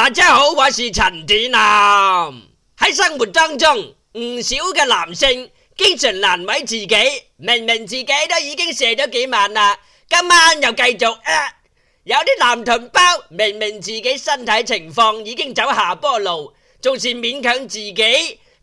大家好，我是陳展南。喺生活當中，唔少嘅男性經常難為自己，明明自己都已經射咗幾晚啦，今晚又繼續。呃、有啲男同胞明明自己身體情況已經走下坡路，仲是勉強自己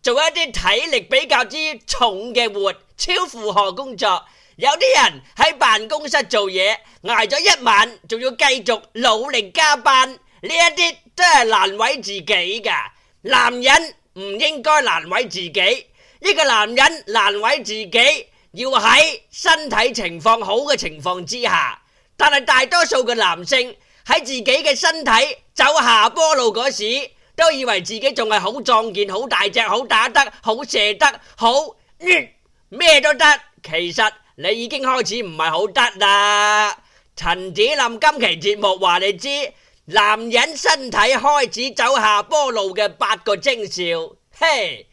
做一啲體力比較之重嘅活，超負荷工作。有啲人喺辦公室做嘢，捱咗一晚，仲要繼續努力加班。呢一啲。真係難為自己㗎，男人唔應該難為自己。呢個男人難為自己，要喺身體情況好嘅情況之下。但係大多數嘅男性喺自己嘅身體走下坡路嗰時，都以為自己仲係好壯健、好大隻、好打得好射得好咩、嗯、都得。其實你已經開始唔係好得啦。陳子林今期節目話你知。男人身體開始走下坡路嘅八個徵兆，嘿、hey，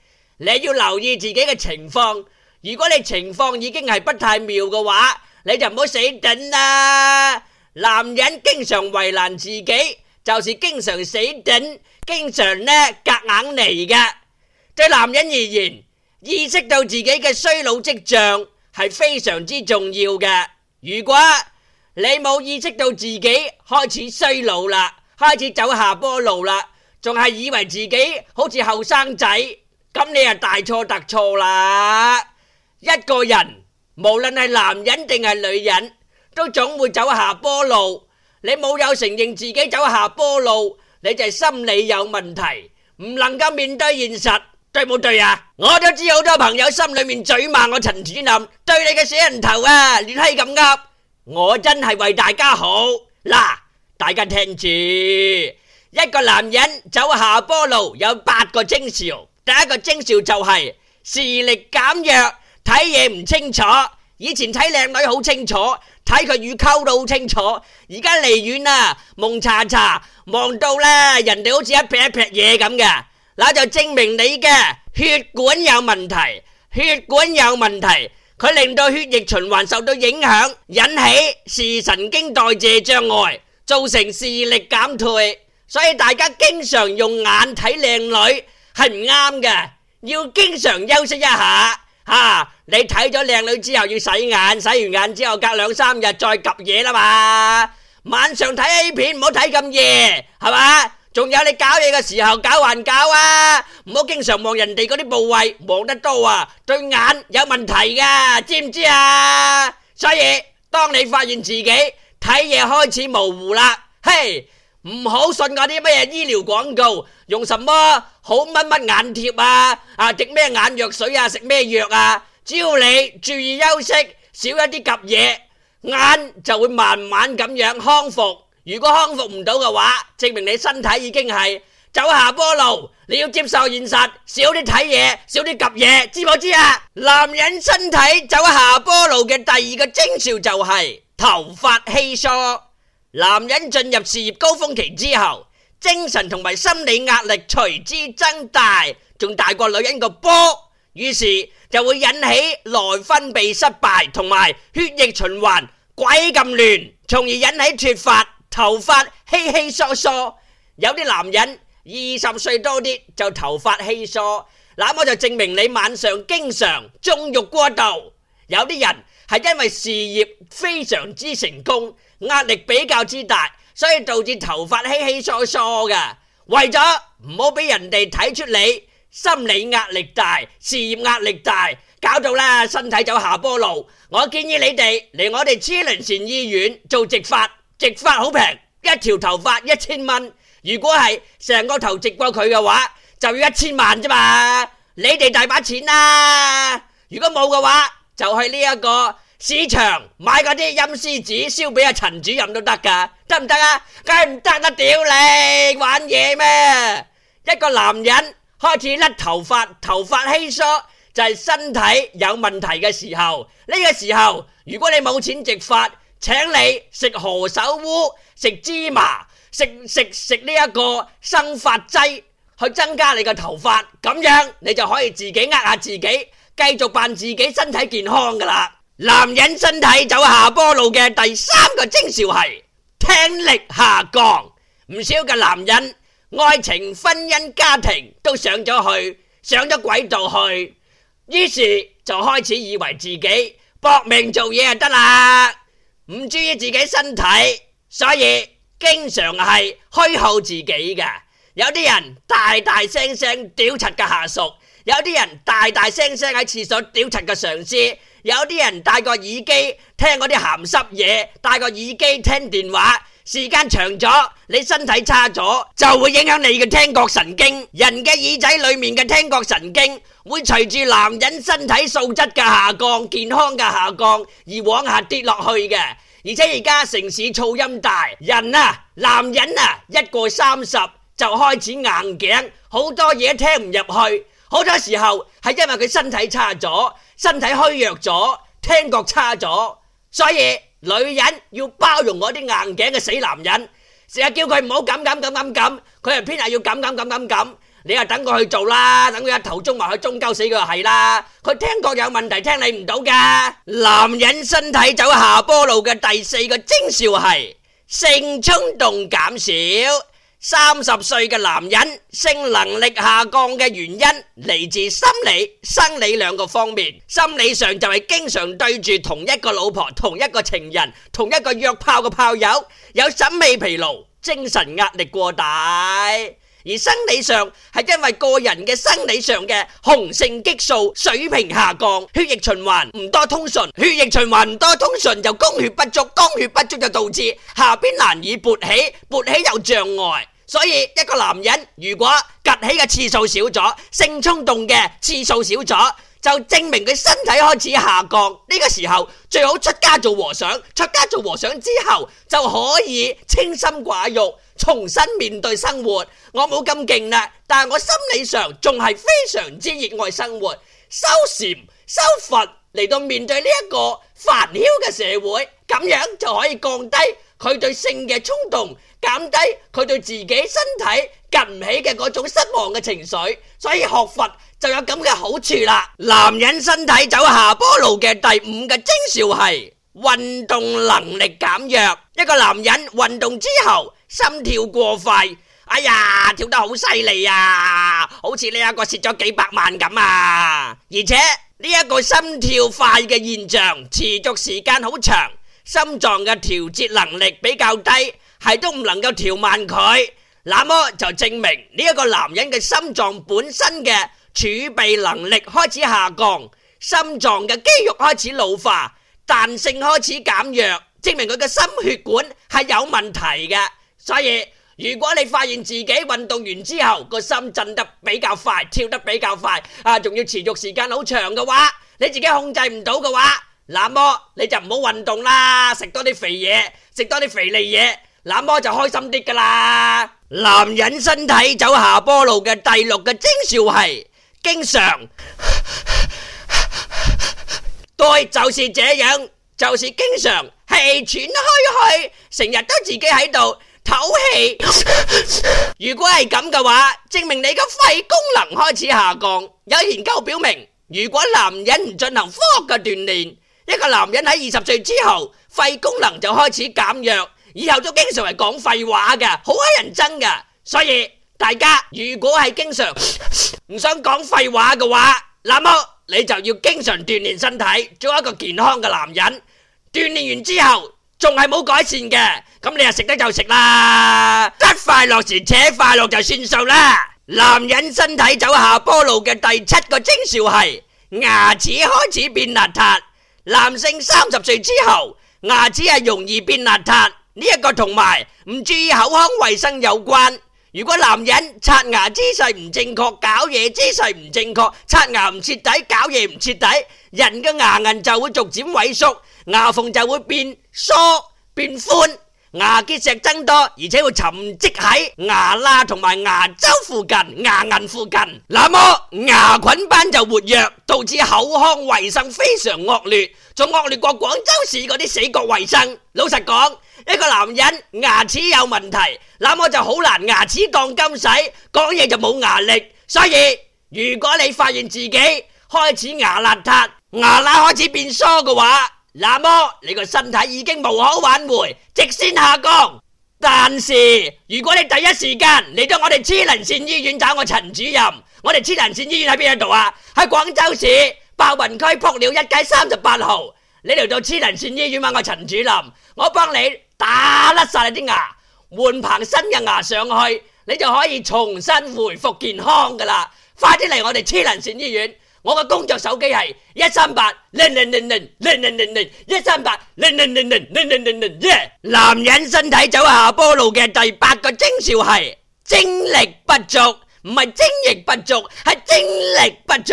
你要留意自己嘅情況。如果你情況已經係不太妙嘅話，你就唔好死頂啦。男人經常為難自己，就是經常死頂，經常呢，夾硬嚟嘅。對男人而言，意識到自己嘅衰老跡象係非常之重要嘅。如果，你冇意識到自己開始衰老啦，開始走下坡路啦，仲係以為自己好似後生仔，咁你又大錯特錯啦！一個人無論係男人定係女人都總會走下坡路，你冇有承認自己走下坡路，你就係心理有問題，唔能夠面對現實，對冇對啊？我都知好多朋友心裏面嘴罵我陳主任對你嘅死人頭啊亂係咁噏。我真係為大家好，嗱，大家聽住。一個男人走下坡路有八個徵兆，第一個徵兆就係、是、視力減弱，睇嘢唔清楚，以前睇靚女好清楚，睇佢乳溝都好清楚，而家離遠啦，蒙查查，望到啦，人哋好似一撇一撇嘢咁嘅，那就證明你嘅血管有問題，血管有問題。佢令到血液循環受到影響，引起視神經代謝障礙，造成視力減退。所以大家經常用眼睇靚女係唔啱嘅，要經常休息一下吓。你睇咗靚女之後要洗眼，洗完眼之後隔兩三日再及嘢啦嘛。晚上睇 A 片唔好睇咁夜，係嘛？仲有你搞嘢嘅時候搞還搞啊！唔好經常望人哋嗰啲部位，望得多啊，對眼有問題㗎，知唔知啊？所以當你發現自己睇嘢開始模糊啦，嘿，唔好信嗰啲乜嘢醫療廣告，用什麼好乜乜眼貼啊，啊滴咩眼藥水啊，食咩藥啊？只要你注意休息，少一啲夾嘢，眼就會慢慢咁樣康復。如果康復唔到嘅話，證明你身體已經係走下坡路。你要接受現實，少啲睇嘢，少啲及嘢，知唔知啊？男人身體走下坡路嘅第二個徵兆就係頭髮稀疏。男人進入事業高峰期之後，精神同埋心理壓力隨之增大，仲大過女人個波，於是就會引起內分泌失敗同埋血液循環鬼咁亂，從而引起脫髮。頭髮稀稀疏疏，有啲男人二十歲多啲就頭髮稀疏，那麼就證明你晚上經常縱慾過度。有啲人係因為事業非常之成功，壓力比較之大，所以導致頭髮稀稀疏疏嘅。為咗唔好俾人哋睇出你心理壓力大、事業壓力大，搞到呢身體走下坡路，我建議你哋嚟我哋車輪前醫院做植髮。植髮好平，一條頭髮一千蚊。如果係成個頭植過佢嘅話，就要一千萬啫嘛。你哋大把錢啦。如果冇嘅話，就去呢一個市場買嗰啲陰司紙燒俾阿陳主任都得㗎，得唔得啊？梗係唔得啦，屌你玩嘢咩？一個男人開始甩頭髮，頭髮稀疏，就係身體有問題嘅時候。呢個時候，如果你冇錢植髮。請你食何首烏，食芝麻，食食食呢一個生髮劑去增加你個頭髮，咁樣你就可以自己呃下自己，繼續扮自己身體健康噶啦。男人身體走下坡路嘅第三個徵兆係聽力下降，唔少嘅男人愛情、婚姻、家庭都上咗去上咗軌道去，於是就開始以為自己搏命做嘢就得啦。唔注意自己身體，所以經常係虛耗自己嘅。有啲人大大聲聲屌柒個下屬，有啲人大大聲聲喺廁所屌柒個上司，有啲人戴個耳機聽嗰啲鹹濕嘢，戴個耳機聽電話。時間長咗，你身體差咗，就會影響你嘅聽覺神經。人嘅耳仔裏面嘅聽覺神經會隨住男人身體素質嘅下降，健康嘅下降而往下跌落去嘅。而且而家城市噪音大，人啊，男人啊，一過三十就開始硬頸，好多嘢聽唔入去。好多時候係因為佢身體差咗，身體虛弱咗，聽覺差咗，所以。女人要包容我啲硬頸嘅死男人，成日叫佢唔好咁咁咁咁咁，佢又偏係要咁咁咁咁咁，你就等佢去做啦，等佢一頭中埋去中鳩死佢就係啦，佢聽覺有問題聽你唔到㗎。男人身體走下坡路嘅第四個徵兆係性衝動減少。三十歲嘅男人性能力下降嘅原因嚟自心理、生理兩個方面。心理上就係經常對住同一個老婆、同一個情人、同一個約炮嘅炮友，有審美疲勞，精神壓力過大；而生理上係因為個人嘅生理上嘅雄性激素水平下降，血液循環唔多通順，血液循環唔多通順就供血不足，供血不足就導致下邊難以勃起，勃起有障礙。所以一個男人如果趷起嘅次數少咗，性衝動嘅次數少咗，就證明佢身體開始下降。呢個時候最好出家做和尚。出家做和尚之後就可以清心寡欲，重新面對生活。我冇咁勁啦，但係我心理上仲係非常之熱愛生活。修禪修佛嚟到面對呢一個煩囂嘅社會，咁樣就可以降低佢對性嘅衝動。減低佢對自己身體及唔起嘅嗰種失望嘅情緒，所以學佛就有咁嘅好處啦。男人身體走下坡路嘅第五個徵兆係運動能力減弱。一個男人運動之後心跳過快，哎呀跳得好犀利啊，好似呢一個蝕咗幾百萬咁啊。而且呢一個心跳快嘅現象持續時間好長，心臟嘅調節能力比較低。係都唔能夠調慢佢，那麼就證明呢一個男人嘅心臟本身嘅儲備能力開始下降，心臟嘅肌肉開始老化，彈性開始減弱，證明佢嘅心血管係有問題嘅。所以如果你發現自己運動完之後個心震得比較快，跳得比較快，啊，仲要持續時間好長嘅話，你自己控制唔到嘅話，那麼你就唔好運動啦，食多啲肥嘢，食多啲肥膩嘢。那麼就開心啲噶啦。男人身體走下坡路嘅第六個徵兆係經常 對，就是這樣，就是經常氣喘吁吁，成日都自己喺度唞氣。 如果係咁嘅話，證明你嘅肺功能開始下降。有研究表明，如果男人唔進行科學嘅鍛煉，一個男人喺二十歲之後肺功能就開始減弱。以後都經常係講廢話嘅，好乞人憎嘅。所以大家如果係經常唔想講廢話嘅話，那麼你就要經常鍛煉身體，做一個健康嘅男人。鍛煉完之後仲係冇改善嘅，咁你啊食得就食啦，得快樂時且快樂就算數啦。男人身體走下坡路嘅第七個徵兆係牙齒開始變邋遢。男性三十歲之後牙齒係容易變邋遢。呢一個同埋唔注意口腔衛生有關。如果男人刷牙姿勢唔正確、搞嘢姿勢唔正確、刷牙唔徹底、搞嘢唔徹底，人嘅牙齦就會逐漸萎縮，牙縫就會變疏、變寬。牙結石增多，而且會沉積喺牙罅同埋牙周附近、牙齦附近。那麼牙菌斑就活躍，導致口腔衛生非常惡劣，仲惡劣過廣州市嗰啲死角衛生。老實講，一個男人牙齒有問題，那麼就好難牙齒當金使，講嘢就冇牙力。所以，如果你發現自己開始牙邋遢、牙罅開始變疏嘅話，那麼你個身體已經無可挽回，直線下降。但是如果你第一時間嚟到我哋黐撚線醫院找我陳主任，我哋黐撚線醫院喺邊一度啊？喺廣州市白雲區仆寮一街三十八號。你嚟到黐撚線醫院問我陳主任，我幫你打甩晒你啲牙，換棚新嘅牙上去，你就可以重新恢復健康㗎喇。快啲嚟我哋黐撚線醫院。我嘅工作手機係一三八零零零零零零零零一三八零零零零零零零零耶！男人身體走下坡路嘅第八個徵兆係精力不足，唔係精力不足，係精力不足。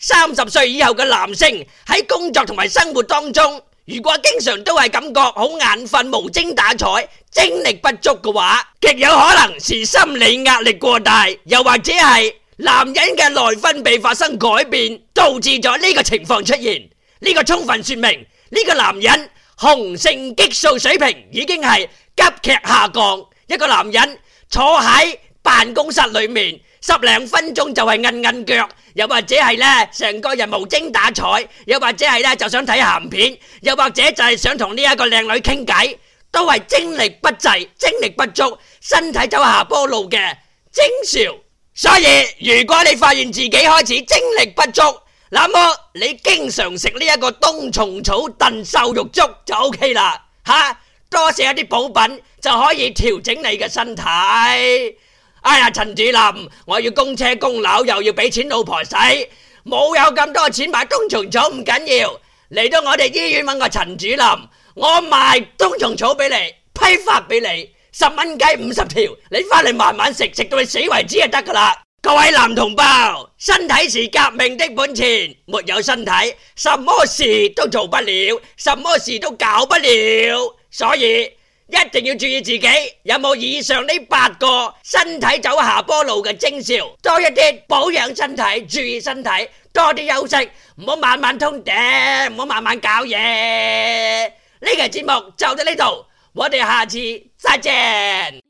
三十歲以後嘅男性喺工作同埋生活當中，如果經常都係感覺好眼瞓、無精打采、精力不足嘅話，極有可能是心理壓力過大，又或者係。男人嘅內分泌發生改變，導致咗呢個情況出現。呢、這個充分說明呢、這個男人雄性激素水平已經係急劇下降。一個男人坐喺辦公室裏面十零分鐘就係硬硬腳，又或者係呢，成個人無精打采，又或者係呢就想睇鹹片，又或者就係想同呢一個靚女傾偈，都係精力不濟、精力不足、身體走下坡路嘅徵兆。所以，如果你發現自己開始精力不足，那麼你經常食呢一個冬蟲草燉瘦肉粥就 ok 啦。吓，多食一啲補品就可以調整你嘅身體。哎呀，陳主任，我要供車供樓，又要俾錢老婆使，冇有咁多錢買冬蟲草。唔緊要，嚟到我哋醫院揾個陳主任，我賣冬蟲草俾你，批發俾你。十蚊雞五十條，你翻嚟慢慢食，食到你死為止就得噶啦！各位男同胞，身體是革命的本錢，沒有身體，什麼事都做不了，什麼事都搞不了。所以一定要注意自己有冇以上呢八個身體走下坡路嘅徵兆，多一啲保養身體，注意身體，多啲休息，唔好晚晚通頂，唔好晚晚搞嘢。呢期節目就到呢度，我哋下次。再見。S S